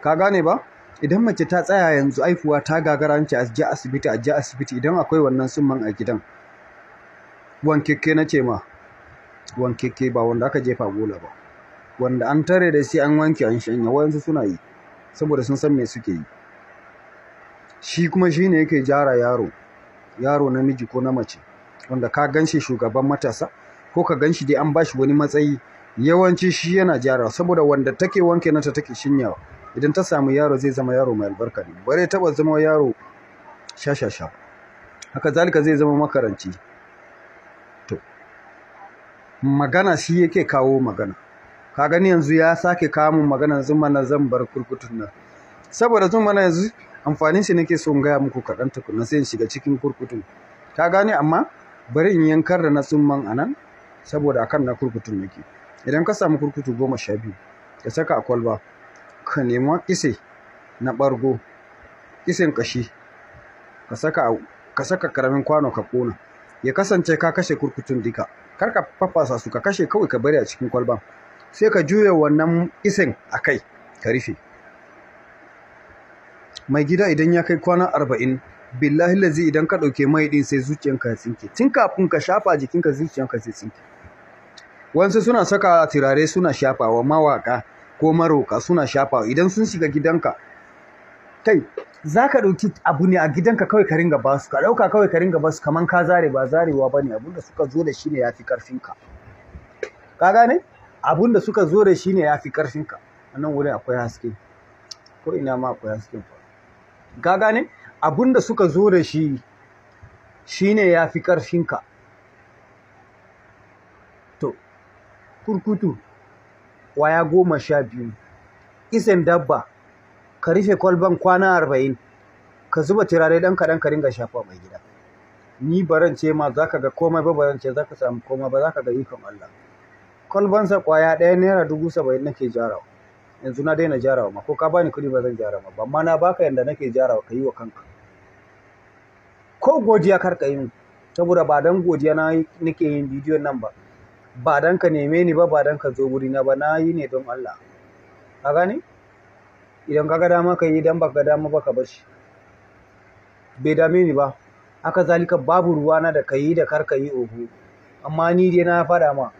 ka gane ba idan mace ta tsaya yanzu aifuwa ta gagara a je asibiti a je asibiti idan akwai wannan summan a gidan wankeke na ce ma wankeke ba wanda aka jefa gola ba wanda an tare da sai an wanke an shanya wayansu suna yi saboda sun san me suke yi shi kuma shine yake jara yaro yaro namiji ko na mace wanda ka ganshi shugaban matasa ko ka ganshi dai an bashi wani matsayi yawanci shi yana jara saboda wanda take wanke nata take shinyawa idan ta samu yaro zai zama yaro mai albarka ne bare taba zama yaro shashasha haka zalika zai zama makaranci to magana shi yake kawo magana ka gani yanzu ya sake kamun magana zuma na zan bar kurkutun nan saboda zuma na yanzu amfanin shi nake so in gaya muku kaɗan tukuna sai in shiga cikin kurkutun ka gane amma bari in yankar da na tsumman a nan saboda akan na kurkutun nake idan ka samu kurkutu goma sha biyu ka saka a kwalba ka nema ƙise na ɓargo ƙisen ƙashi ka saka ƙaramin kwano ka ƙona ya kasance ka kashe kurkutun duka kar ka fafasa su ka kashe kawai ka bari a cikin kwalban sai ka juya wannan ƙisen a kai ka rufe mai gida idan ya kai kwana arba'in billahi lazi idan ka ɗauke mai ɗin sai zuciyanka ya tsinke tun kafin ka shafa jikinka zuciyanka zai tsinke wasu suna saka turare suna shafawa mawaƙa ko maroka suna shafawa idan sun shiga gidanka kai za ka ɗauki abu ne a gidanka kawai ka ringa ba su ka ɗauka kawai ka ringa ba su kaman ka zare ba zarewa ba ne abinda suka zo da shi ne ya fi ƙarfinka ka gane abinda suka zo da shi ne ya fi ƙarfinka a nan wurin akwai haske ko ina ma akwai haske ka gane abinda suka zo da shi shi ne ya fi ƙarfinka to kurkutu kwaya goma sha biyu isin dabba ka rufe kwalban kwana arba'in ka zuba turare ɗan kaɗan ka ringa shafa mai gida ni baran ce ma za ka ga komai ba baran ce za ka samu komai ba za ka ga ikon Allah kwalbansa kwaya ɗaya naira dubu saba'in nake jarawa yanzu na daina jarawa ma ko ka bani kuɗi ba zan jara ma ba amma na baka yanda nake jarawa ka yi wa kanka ko godiya kar ka yi saboda ba dan godiya na nake yin bidiyon nan ba ba dan ka neme ni ba ba dan ka zo na ba na yi ne don Allah ka gane idan kaga dama ka yi idan baka dama baka bashi bai dame ni ba haka zalika babu ruwa na da ka yi da kar ka yi ogu amma ni dai na faɗa ma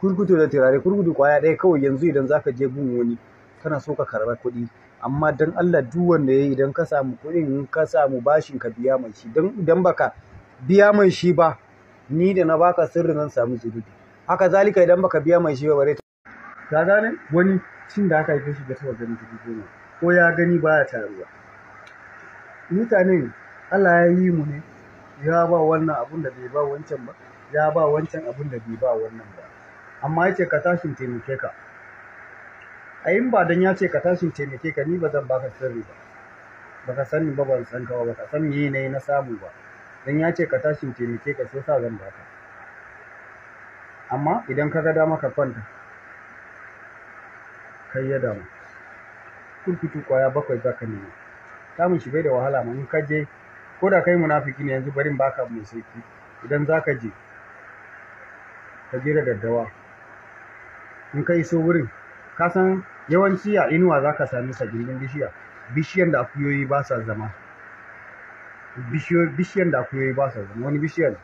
kurkutu da turare kurkutu kwaya ɗaya kawai yanzu idan zaka je gun wani kana so ka karɓa kuɗi amma dan Allah duk wanda yayi idan ka samu kuɗin ka samu bashin ka biya mai shi dan idan baka biya mai shi ba ni da na baka sirrin zan samu zubi haka zalika idan baka biya mai shi ba bare ta ga gane wani cin da aka yi shi ga tawa gani goma ko ya gani baya taruwa mutanen Allah ya yi mu ne ya ba wannan abun da bai ba wancan ba ya ba wancan abun da bai ba wannan ba amma yace ka tashin taimake ka a yin ba dan ya ce ka tashin taimake ka ni ba zan baka sirri ba baka sani ba ban san ka ba baka sani me ne na samu ba dan ya ce ka tashi taimake ka sai sa zan baka amma idan ka ga dama ka kwanta kai ya damu kurkutu kwaya bakwai za ka nemi. samun shi bai da wahala ma in ka je ko da kai munafiki ne yanzu barin baka mai sauki idan za ka je ka je da daddawa in ka iso wurin ka san yawanci a inuwa za ka sami sabbin bishiya bishiyan da akuyoyi ba sa zama bishiyan da akuyoyi ba sa zama wani bishiyan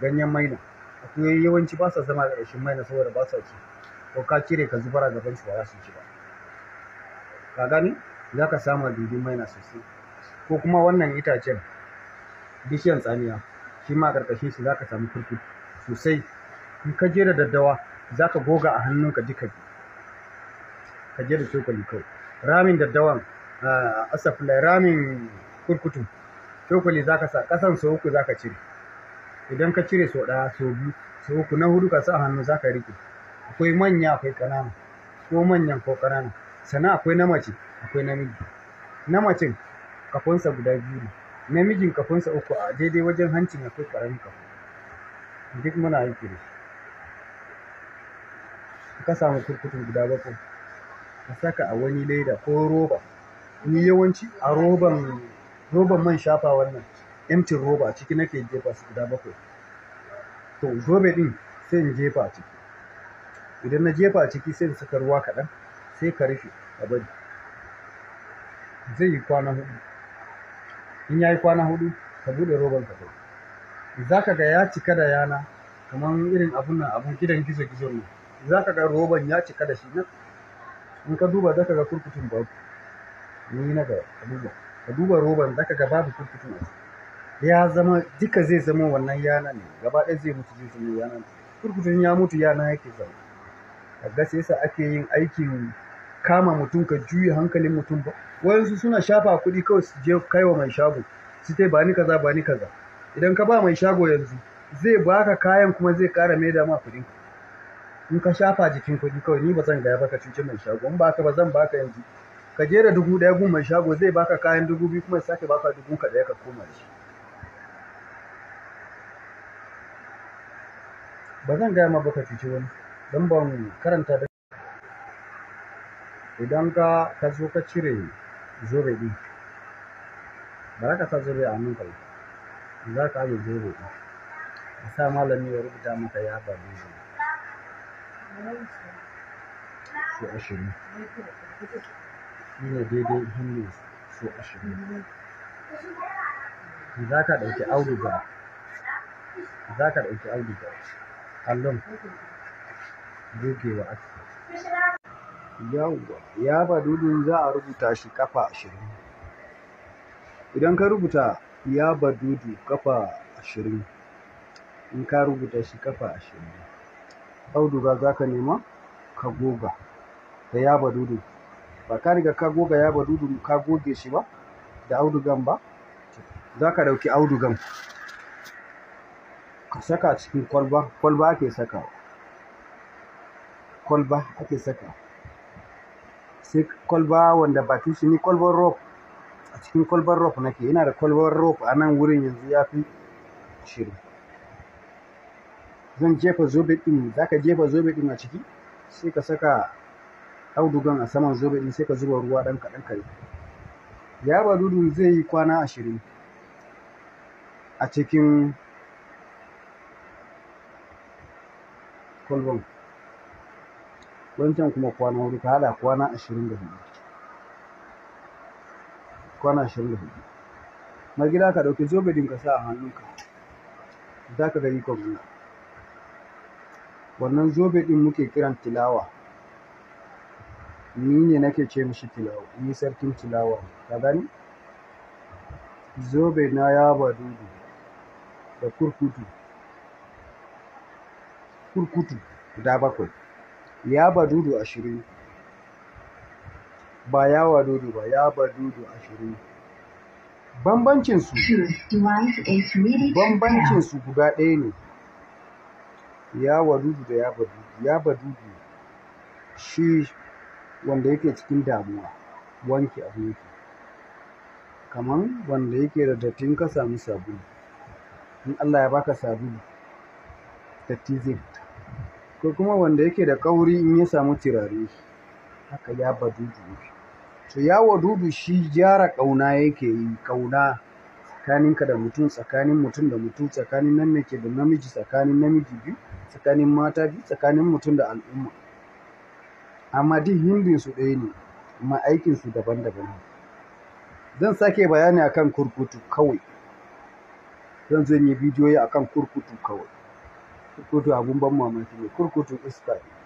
ganyen maina akuyoyi yawanci ba sa zama a ƙarshen maina saboda ba sa ci ko ka cire ka zubar a gaban shi ba za su ci ba ka gani za ka samu dubin maina sosai ko kuma wannan itacen bishiyan tsamiya shi ma ƙarƙashin shi za ka samu kurfi sosai in ka jera daddawa za ka goga a hannunka duka ka jera cokali kawai ramin daddawan ah, asafulai ramin kurkutu cokali za sa ƙasan sau uku zaka cire idan ka cire sau ɗaya sau biyu sau uku na hudu ka sa hannu zaka rike riƙe akwai manya akwai ƙanana ko manyan ko ƙanana sannan akwai na mace akwai namiji na macen kafunsa guda biyu ne namijin kafunsa uku a daidai wajen hancin akwai ƙaramin kafa duk muna aiki da ka samu kurkutun guda bakwai ka saka a wani leda ko roba ni yawanci a roban roban man shafa wannan emtin roba ciki nake jefa su guda bakwai to zobe din sai in jefa ciki idan na jefa ciki sai in saka ruwa kaɗan sai ka rufe a bari zai yi kwana hudu in ya yi kwana hudu ka buɗe roban ka kai za ka ga ya cika da yana kamar irin abun nan abun gidan gizo gizo ne za ka ga roban ya cika da shi nan in ka duba za ka ga kurkutun babu ni na ga duba ka duba roban zaka ga babu kurkutu ya zama duka zai zama wannan yana ne gaba ɗaya zai mutu zai zama yana kurkutun ya mutu yana yake zama kaga sai yasa ake yin aikin kama mutum ka juya hankalin mutum ba wayansu suna shafa kuɗi kawai su je wa mai shago su ce ba ni kaza ba ni kaza idan ka ba mai shago yanzu zai baka kayan kuma zai ƙara maida ma kuɗin in ka shafa jikin kuɗi kawai ni ba zan gaya baka cuce mai shago in ba ka ba zan baka yanzu ka jera dubu ɗaya goma shago zai baka kayan dubu biyu kuma sake baka dubu ka ɗaya ka koma shi ba zan gaya ma baka cuci wani don ban karanta da idan ka ka zo ka cire zobe ɗin ba za ka sa zobe a hannun ka za ka ajiye zobe ɗin a sa malami ya rubuta maka ya ba zobe su ashirin Ina daidai hannu sau ashirin. Za ka ɗauki auduga, za ka ɗauki auduga, allon gogewa aski. Yawwa, ya badudun za a rubuta shi kafa ashirin. Idan ka rubuta ya dudu kafa ashirin, in ka rubuta shi kafa ashirin, auduga za ka nema ka goga da ya dudu. ba ka riga ka goga ya ba dudu ka goge shi ba da audugan ba za ka ɗauki audugan ka saka cikin kwalba kwalba ake saka kwalba ake saka sai kwalba wanda ba shi ni kwalbar rope a cikin kwalbar rope nake yana da kwalbar rope a nan wurin yanzu ya fi shiru zan jefa zobe ɗin za ka jefa zobe ɗin a ciki sai ka saka audugan a saman zobe din sai ka zuba ruwa ɗan kaɗan ka ya Dudu zai yi kwana ashirin a cikin kwalban wancan kuma kwana hudu ka hada kwana ashirin da hudu kwana ashirin da hudu na gida ka ɗauki zobe ɗin sa a hannunka za ka gani ikon wannan zobe ɗin muke kiran tilawa ni ne nake ce mishi tilawa ni sarkin tilawa ka gani zobe na ya dudu da kurkutu kurkutu guda bakwai ya dudu ashirin ba ya wadudu ba ya badudu ashirin bambancin su guda ɗaya ne ya dudu, da ya badudu ya badudu shi wanda yake cikin damuwa wanke abin ki kamar wanda yake da dattin ka samu sabulu in Allah ya baka sabulu datti zai fita ko kuma wanda yake da kauri in ya samu turare haka ya badudu to ya wadudu shi gyara kauna yake yi kauna tsakaninka da mutum tsakanin mutum da mutum tsakanin nan da namiji tsakanin namiji biyu tsakanin mata biyu tsakanin mutum da al'umma amma duk hindin su ɗaya ne kuma aikinsu daban-daban ne zan sake bayani akan kurkutu kawai zan zo yi bidiyoyi akan kurkutu kawai kurkutu abun ban mamaki ne kurkutu iska ne